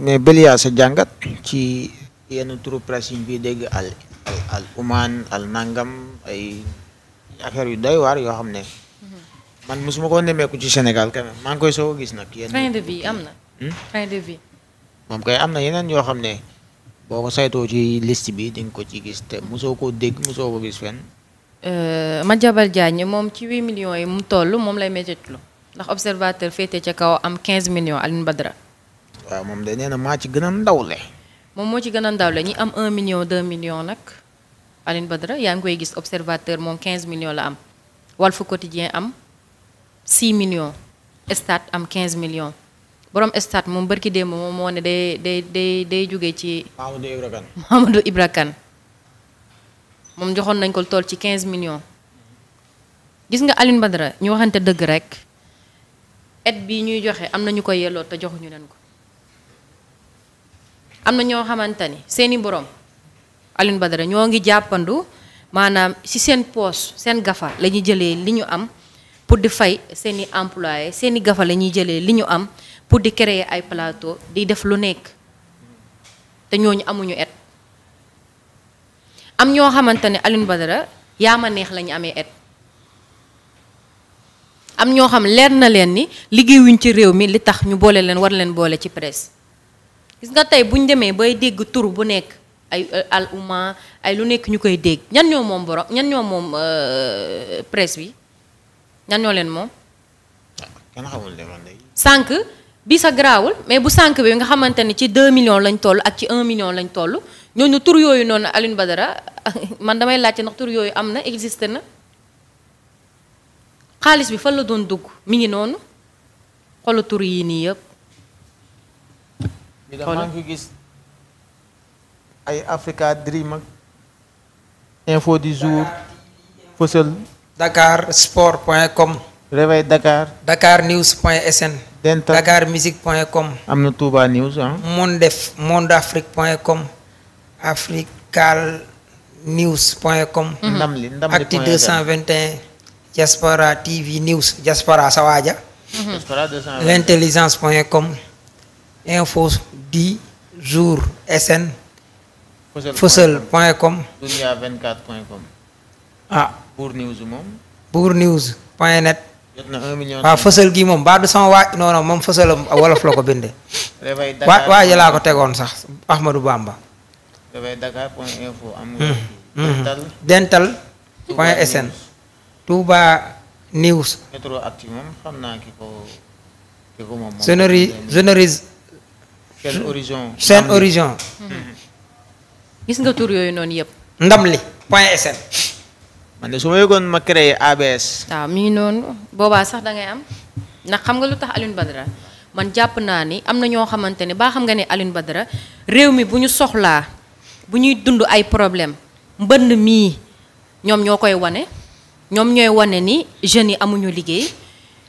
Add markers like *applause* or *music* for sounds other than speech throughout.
mais Belia sa jàngat ci yenn turu presse yi ñu dégg al al umaan al nangam ay affaire yu doy waar yoo xam ne mhm. man mosuma ko nemmeeku ci Sénégal quand maa ngi koy soog a gis nag. yenn train am na. train hmm? moom kay am na yeneen yoo xam ne boo ko saytoo ci list bi di nga ko ci gis te mosoo koo dégg mosoo ko gis fenn. Euh, Madiambal Diagne moom ci 8 millions yi mu toll moom lay méttitlu ndax observateur féetee ca kaw am 15 million Alioune Badara. waaw moom de nee na maa ci gën a ndawle. moom moo ci gën a ndawle ñi am 1 million 2 million nag Aline Badara yaa ngi koy gis observateur moom 15 millions la am wal Walf Quotidien am 6 million Stades am quinze million borom Stades moom bërki démb moom moo ne day day day day ci. Mamadou moom joxoon nañ ko tool ci 15 millions gis nga Aline Badara ñu waxante dëgg rek et bi ñuy joxe am na ñu koy yelloo te joxuñu leen ko. am na ñoo xamante ni seen i borom Alioune Badara ñoo ngi jàppandu maanaam ci seen poos seen gafa la ñuy jëlee li ñu am pour di fay seen i seen i gafa la ñuy jëlee li ñu am pour di créer ay plateau di def lu nekk te ñooñu amuñu et am ñoo xamante ne Alioune Badara yaa ma neex la amee et am ñoo xam leer na leen ni liggéeyuñ ci réew mi li tax ñu boole leen war leen boole ci presse gis nga tey buñ demee bay dégg tur bu nekk ay euh, al umma ay lu nekk ñu koy dégg ñan ñoo moom borom ñan ñoo moom euh, presse bi ñan ñoo leen moom. kenn xamul sànq bi sa garaawul mais bu sànq bi nga xamante ne ci 2 millions lañ toll ak ci un million lañ toll ñooñu tur yooyu noonu Alioune Badara *laughs* man damay laajte ndax tur yooyu am na existé na xaalis bi fan la doon dugg mi ngi noonu xoolu tur yi nii yëpp. bi da maa ngi gis ay Africa Dream ak ah. info du jour fësal Dakar sport point com Réveil Dakar Dakar news point sn Dakar musique point com am na Touba news ah. monde Afrique point com Africal news point com mm-hmm. acti Diaspora TV news Diaspora Sawaja Diaspora l'intelligence point com info du jour sn. fësal point com dunia 24 point com. ah Bour News moom. Bour News point net. jot na ah, gi moom ba du sama waaj non non moom fësalam wolof la ko bindee. waa waa laa ko tegoon sax Ahmadou Bamba. Hmm, hmm. dental point sn. Touba News. météo active seen origine seen gis nga tur yooyu noonu yëpp. ndam li point sn. man de su ma yëgoon ma créé ABS. waaw mi ngi noonu boobaa sax da ngay am ndax xam nga lu tax Alioune Badara man jàpp naa ni am na ñoo xamante ne baa xam nga ne Alioune Badara réew mi bu ñu soxlaa bu ñuy dund ay problème mbënd mii ñoom ñoo koy wane ñoom ñooy wane ni jeunes yi amuñu liggéey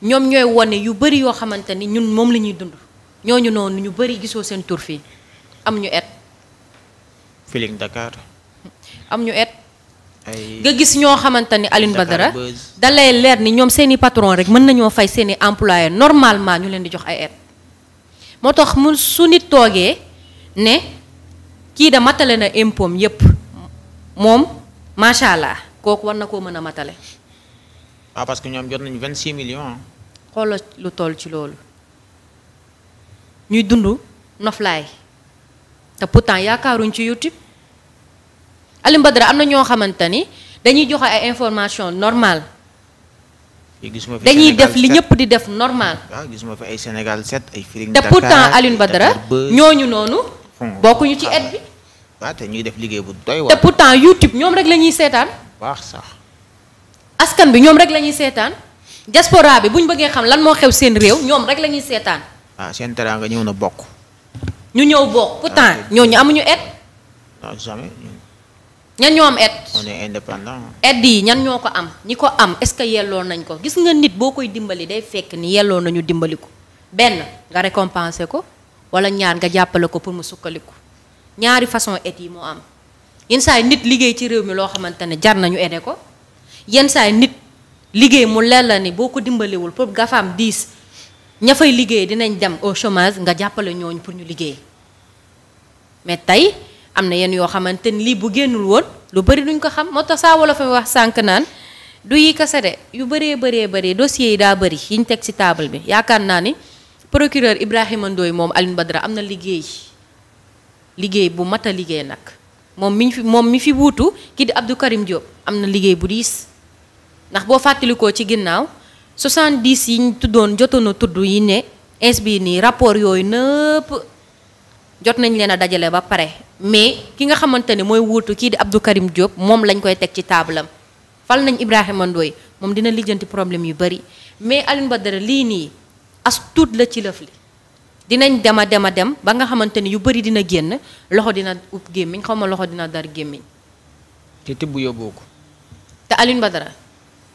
ñoom ñooy wane yu bëri yoo xamante ni ñun moom la ñuy dund. ñooñu noonu ñu bëri gisoo seen tur fii am ñu et. Feeling Dakar. am ñu et. nga gis ñoo xamante ni Alioune dara da leer ni ñoom seen i patron rek mën nañoo fay seen i employé normalement ñu leen di jox ay et. moo tax mu su nit toogee ne kii da matale na impôts yépp moom macha allah kooku war na koo mën a matale. ah parce que ñoom jot nañu vingt six million xoolal lu toll ci loolu. ñuy dund noflaay te pourtant yaakaaruñ ci YouTube Alioune Badara am na ñoo xamante ni dañuy joxe ay information normale dañuy def li ñëpp di def normal ah, gisuma fi ay Sénégal 7 ay Feeling Dakar te pourtant Alioune Badara ñooñu noonu bokkuñu ci et bi waaw ah, te ñuy def liggéey bu doy te pourtant YouTube ñoom rek la ñuy seetaan baax sax askan bi ñoom rek lañuy seetaan diaspora bi bu ñu bëggee xam lan moo xew seen réew ñoom rek la ñuy seetaan ah seen teraanga ñëw na bokk. ñu ñëw bokk pourtant ah, ñooñu amuñu aide. non ah, jamais. ñan ñoo am aide. on yi ñan ñoo ko am ñi ko am est-ce que yelloo nañ ko gis nga nit boo koy dimbali day fekk ni yelloo nañu dimbali ko benn nga récompenser ko wala ñaar nga jàppale ko pour mu sukkaliku ñaari façon aide yi moo am yenn saa yi nit liggéey ci réew mi loo xamante ne jar nañu aide ko yenn saa yi nit liggéey mu leer ni boo ko dimbaliwul pour gafaam diis. ña fay liggéey dinañ dem au chômage nga jàppale ñooñu pour ñu liggéey mais tey am na yenn yoo xamante ni lii bu génnul woon lu bëri duñ ko xam moo tax saa wolof wax sànq naan du yi kese de yu bëree baree bëri dossiers yi daa bari yi teg ci taabal bi yaakaar naa ni procureur Ibrahima Ndoye moom Alioune Badara am na liggéey liggéey bu mat a liggéey nag moom mi fi moom mi fi wuutu kii di Abdou Karim Diop am na liggéey bu diis ndax boo fàttalikoo ci ginnaaw. 70 yi ñu tuddoon jotoon a tudd yi ne ins bii nii rapport yooyu nëpp jot nañ leen a dajale ba pare mais ki nga xamante ne mooy wuutu kii di Abdou Karim Diop moom lañ koy teg ci taabalam fal nañ Ibrahima Ndoye moom dina lijjanti problème yu bari mais alin ba Badara lii nii as tuut la ci lëf li dinañ dem a dem a dem ba nga xamante ni yu bari dina génn loxo dina ub gémmiñ xaw ma loxo dina dar gémmiñ te tibb yóbboo ko te Alioune Badara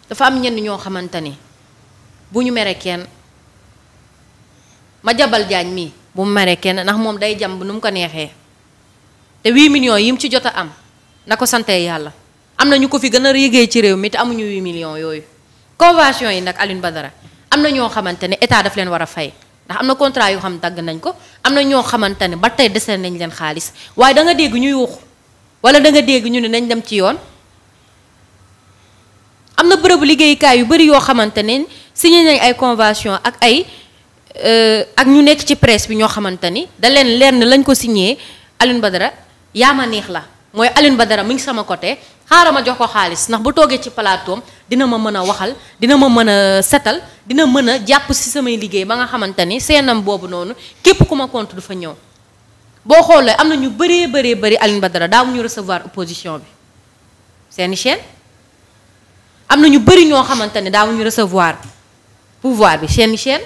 dafa am ñenn ñoo xamante ni bu ñu meree kenn ma jabal jaañ mii bu mu mere kenn ndax moom day jàmb nu mu ko neexee te 8 millions yi mu ci jot a am na ko sante yàlla am na ñu ko fi gën a yëgee ci réew mi te amuñu 8 million yooyu convention yi nag ba dara am na ñoo xamante ne état daf leen war a fay ndax am na contrat yoo xam dagg nañ ko am na ñoo xamante ne ba tey dese nañ leen xaalis waaye danga dégg ñu yuuxu wala da dégg ñu ne nañ dem ci yoon am na bërëbu liggéeyukaay yu bëri yoo xamante ne signé nañ ay convention ak ay euh, ak ñu nekk ci presse bi ñoo xamante ni da leen leer lañ ko signé Alioune Badara yaa ma neex la mooy Alioune Badara mi ngi sama côté xaaral ma jox ko xaalis ndax bu toogee ci palaatoom dina ma mën a waxal dina ma mën a setal dina mën a jàpp si samay liggéey ba nga xamante ni seenam boobu noonu képp ku ma compte du fa ñëw boo xoolee am na ñu bëree bëree bëri Alioune Badara daaw ñu recevoir opposition bi seeni chaîne am na ñu bëri ñoo xamante ne daaw ñu pouvoir bi chaîne chaîne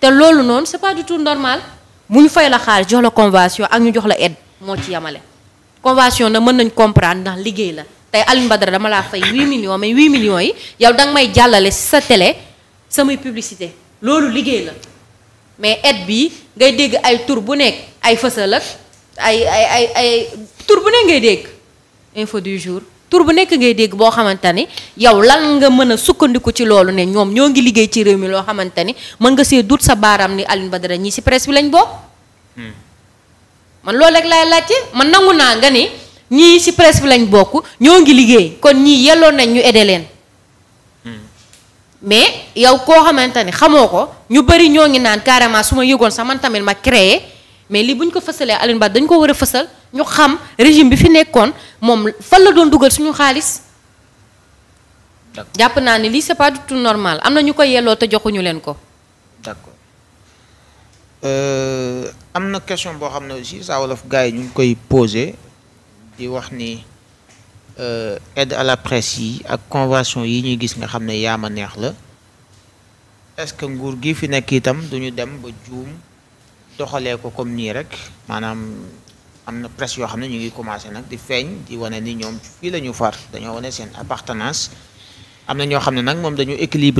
te loolu noonu c'est pas du tout normal mu ñu fay la xaalis jox la convention ak ñu jox la aide moo ci yamale convention na mën nañ comprendre ndax liggéey la tey Alioune Badara dama laa fay 8 millions mais 8 millions yi yow danga may jàllale si sa télé samay publicité loolu liggéey la mais aide bi ngay dégg ay tour bu nekk ay fësal ak ay ay ay ay tur bu nekk ngay dégg info du jour tur bu nekk ngay dégg boo xamante ni yow lan nga mën a sukkandiku ci loolu ne ñoom ñoo ngi liggéey ci réew mi loo xamante ni mën nga see dut sa baaraam ni ba dara ñii si presse bi lañ bokk. Hmm. man loolu rek laay laajte man nangu naa nga ni ñii si presse bi lañ bokk ñoo ngi liggéey kon ñii yelloon nañ ñu aider leen. Hmm. mais yow koo xamante ni xamoo ko ñu bëri ñoo ngi naan carrément su ma yëgoon sax man tamit ma créé mais li buñ ko fësalee Alioune Badara dañ ko war a fësal. ñu xam régime bi fi nekkoon moom fan la doon dugal suñu xaalis. jàpp naa ne lii c'est pas du normal am na ñu ko yelloo te joxuñu leen ko. d'accord euh, am na question boo xam ne aussi Saa Wolof gars yi ñu ngi koy posé di wax ni euh, aide à la presse yi ak convention yi ñuy gis nga xam ne yaama neex la est-ce que nguur gi fi nekk itam duñu dem ba juum doxalee ko comme nii rek maanaam. am na presse yoo xam ne ñu ngi commencé nag di feeñ di wane ni ñoom fii la ñu far dañoo wane seen appartenance am na ñoo xam ne nag moom dañu équilibré